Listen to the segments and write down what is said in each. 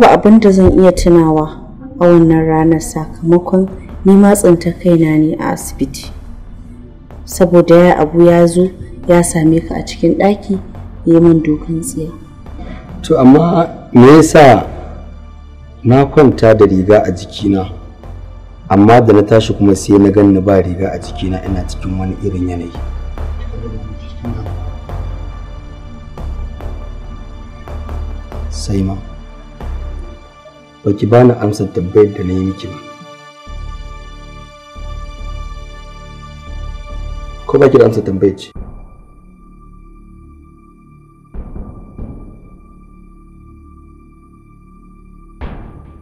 babu abin da zan iya tunawa a wannan ranar sakamakon ni tsinta kaina ne a asibiti saboda ya abu ya zo ya same ka a cikin ɗaki ya min dukan tsiya to amma me yasa na kwanta da riga a jikina amma da na tashi kuma sai na ganni ba riga a jikina ina cikin wani irin yanayi sai ma ba ki bani amsar tabbayar da na yi miki ba ko ba ki da amsar tambayar ce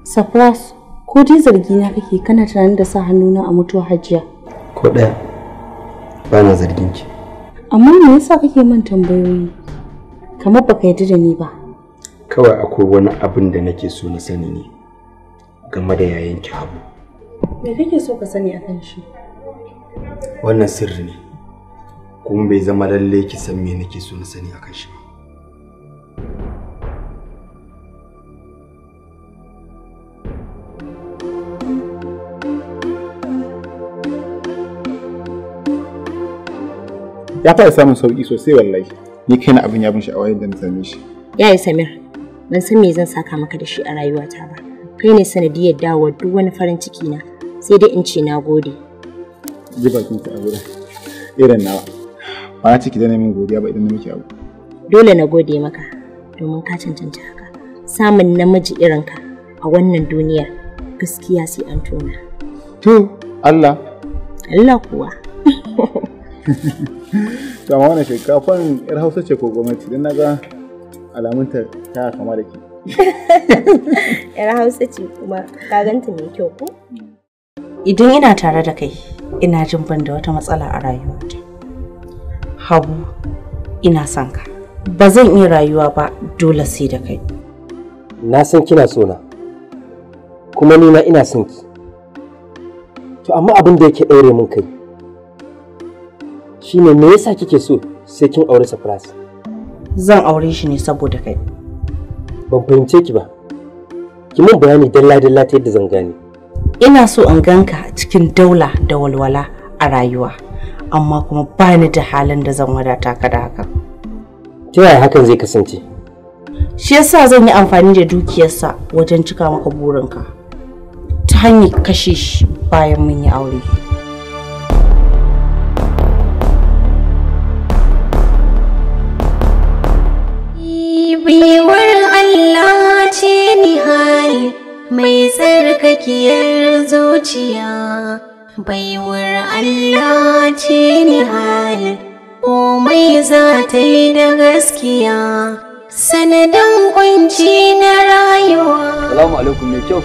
Safras, ko dai zargi na kake kana tunanin da sa hannuna a mutuwar hajiya? Ko ɗaya, ba na zargin ki. Amma me yasa kake min tambayoyi? Kamar baka yarda da ni ba. kawai akwai wani abin da nake so na sani ne game da yayanki habu me kake so ka sani akan shi wannan sirri ne kuma bai zama lalle ki san me nake so na sani akan shi ya fara samun sauki sosai wallahi ni kaina abin ya bin sha'awa yadda na same shi yayi samir ban san me zan saka maka da shi a rayuwata ba kai ne sanadiyar dawo duk wani farin ciki na sai dai in ce na gode ji bakin ka a gura irin nawa ba ciki da neman godiya ba idan na miki abu dole na gode maka domin ka cancanta haka samun namiji irin ka a wannan duniyar gaskiya sai an tona to Allah Allah kuwa to amma wannan shinkafan yar Hausa ce ko gwamnati dan naga alamunta ta kama da ke yar hausa ce kuma ka ganta mai kyau ko idan ina tare da kai ina jin ban da wata matsala a rayuwata habu ina son ka ba zan iya rayuwa ba dole sai da kai na san kina sona kuma ni ma ina son ki to amma abin da yake ɗaure min kai shine me yasa kike so sai kin aure surprise zan aure shi ne saboda kai. Ban fahimce ki ba. Ki mun bayani dalla-dalla ta yadda zan gane. Ina so in ganka cikin daula da walwala a rayuwa, amma kuma ba ni da halin da zan wadata ka da haka. Ta yaya hakan zai kasance? Shi yasa zan yi amfani da dukiyarsa wajen cika maka burinka. Ta hanyar kashe shi bayan mun yi aure. Biwar Allah ce hali. mai tsarkakiyar zuciya. Baiwar Allah ce nihali komai za ta yi da gaskiya. Sanadin kunci na rayuwa. Salamu alaikum mai kyau.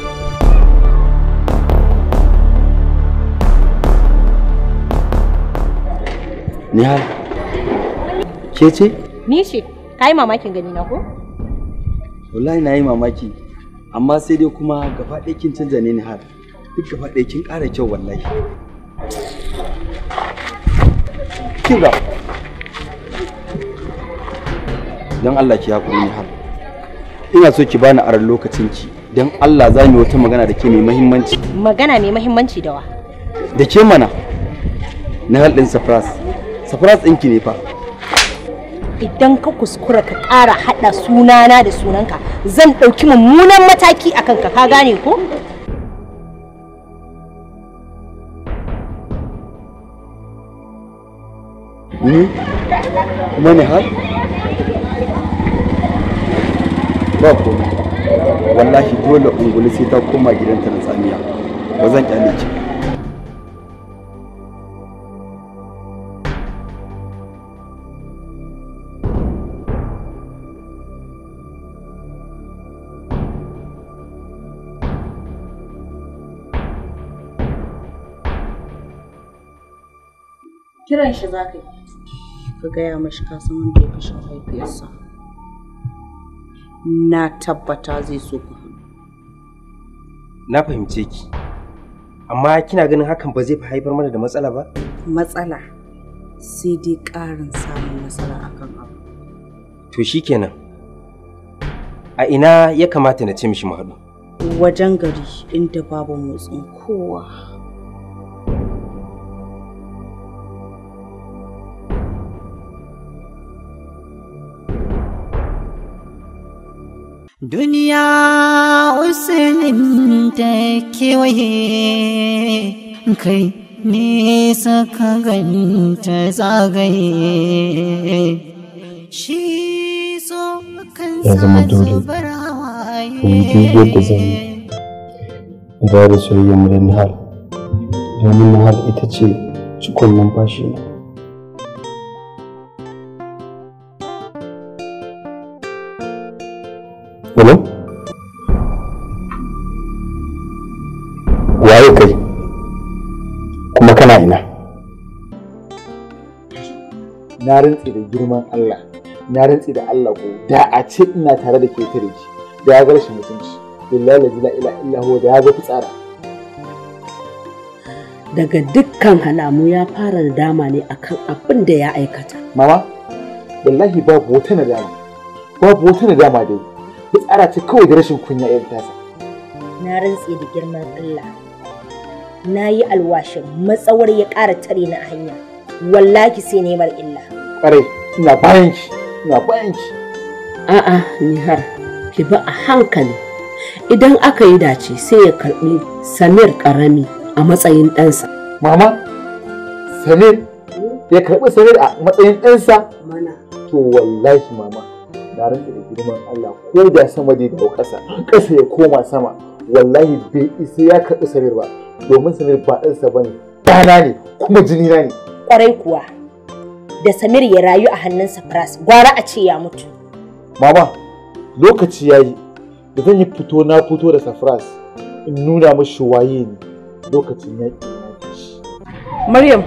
Nihal, ke ce? Ni ce. Ka yi mamakin gani na ko? Wallahi na yi mamaki. Amma sai dai kuma gaba ɗaya kin canza ne ni har. Duk gaba ɗaya kin ƙara kyau wallahi. Kin ga. Don Allah ki haƙuri ni har. Ina so ki bani aran lokacin ki. Don Allah za mu wata magana da ke mai mahimmanci. Magana mai mahimmanci da wa? Da ke mana. Na hal din surprise Safras ɗinki ne fa. idan ka kuskura ka ƙara haɗa sunana da sunanka zan ɗauki mummunan mataki a kanka ka gane ko? Ni? Kuma ne har? Ba komai. Wallahi dole ungulu sai ta koma gidanta na tsamiya. Ba zan ƙyale kiran shi za ka yi ka gaya mashi ka san wanda ya kashe haifiyarsa na tabbata zai so ku na fahimce ki amma kina ganin hakan ba zai fi haifar mana da matsala ba matsala sai dai ƙarin samun a akan abu to shikenan a ina ya kamata na ce mishi mahadu wajen gari inda babu motsin kowa Duniya usulin ta kewaye kai nesa ka ganta zagaye shi so kan sa zubar hawaye. da zan yi da soyayyar mu da domin har ita ce cikon numfashi na. Bulu? Waye kai? Kuma kana ina? Na rantse da girman Allah, na rantse da Allah ko da a ce ina tare da ke tare shi, da ya ga rashin mutunci, billahi la ila illa huwa da ya ga fitsara. Daga dukkan halamu ya fara da dama ne akan abin da ya aikata. Mama, wallahi babu wata nadama, babu wata nadama dai. tsara ce kawai da rashin kunya irin tasa na rantse da girman Allah na yi alwashin matsawar ya ƙara tare na hanya wallahi sai ne mar illa ƙwarai ina bayan ki ina bayan ki a'a ni har ki bi a hankali idan aka yi dace sai ya karɓi samir ƙarami a matsayin ɗansa mama samir hmm? ya karɓi samir a matsayin ɗansa mana to wallahi mama na da girman Allah ko da sama da dawo ƙasa ƙasa ya koma sama wallahi bai isa ya karɓi samir ba domin samir ba ɗansa ba ne ɗana ne kuma jinina ne ƙwarai kuwa da samir ya rayu a sa faras gwara a ce ya mutu mama lokaci yayi yi da zan yi fito na fito da safras in nuna mashi waye ne lokacin yaƙi maryam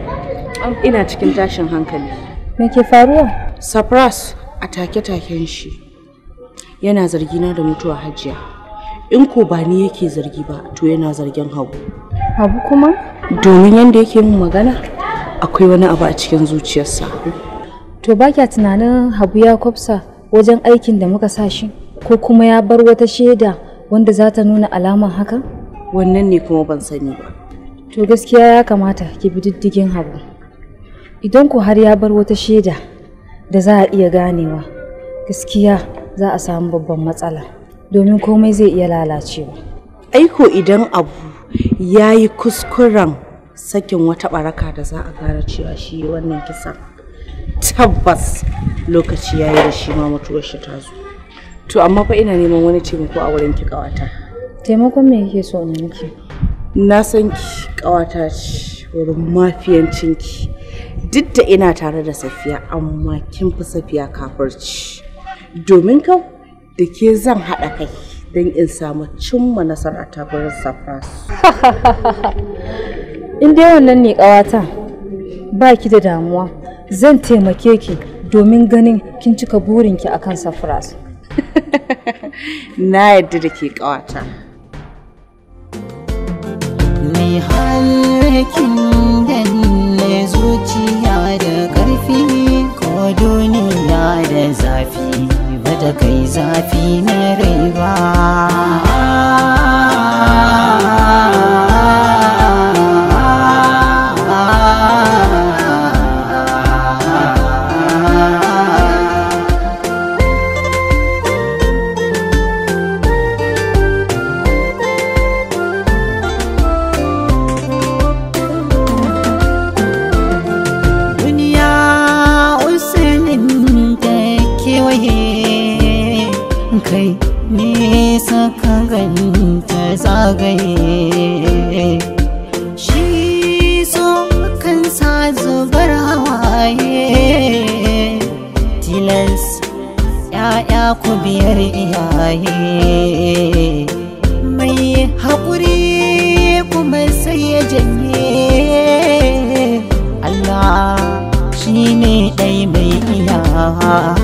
ina cikin tashin hankali me ke faruwa safras a take-taken shi yana zargi na da mutuwa hajiya in ko ba ni yake zargi ba to yana zargin hagu hagu kuma domin yadda yake min magana akwai wani abu a cikin zuciyarsa to ba kya tunanin habu ya kwafsa wajen aikin da muka sa shi ko kuma ya bar wata shaida wanda za ta nuna alaman haka wannan ne kuma ban sani ba to gaskiya ya kamata ki bi diddigin habu idan ku har ya bar wata shaida da za a iya ganewa gaskiya za a samu babban matsala domin komai zai iya lalacewa aiko idan abu ya yi kuskuren sakin wata baraka da za a gane cewa shi wannan kisa tabbas lokaci ya yi da shi ma mutuwar shi ta zo to amma fa ina neman wani taimako a wurin ki kawata taimakon me yake so in miki na san ki kawata ce wurin mafiyancinki duk da ina tare da safiya amma kin fi safiya kafirci domin kau da ke zan haɗa kai don in samu cimma nasara ta gurin safras in dai wannan ne ƙawata ba ki da damuwa zan taimake ki domin ganin kin cika burinki a kan safras na yadda da ke ƙawata zuciya da ƙarfi ko duniya da zafi bata kai zafi na rai ba kai nisa ka gani zagaye shi so kansa zubar hawaye tilas ya'ya ku biyar iyaye mai haƙuri kuma sai ya janye Allah shi ne ɗai mai iyaha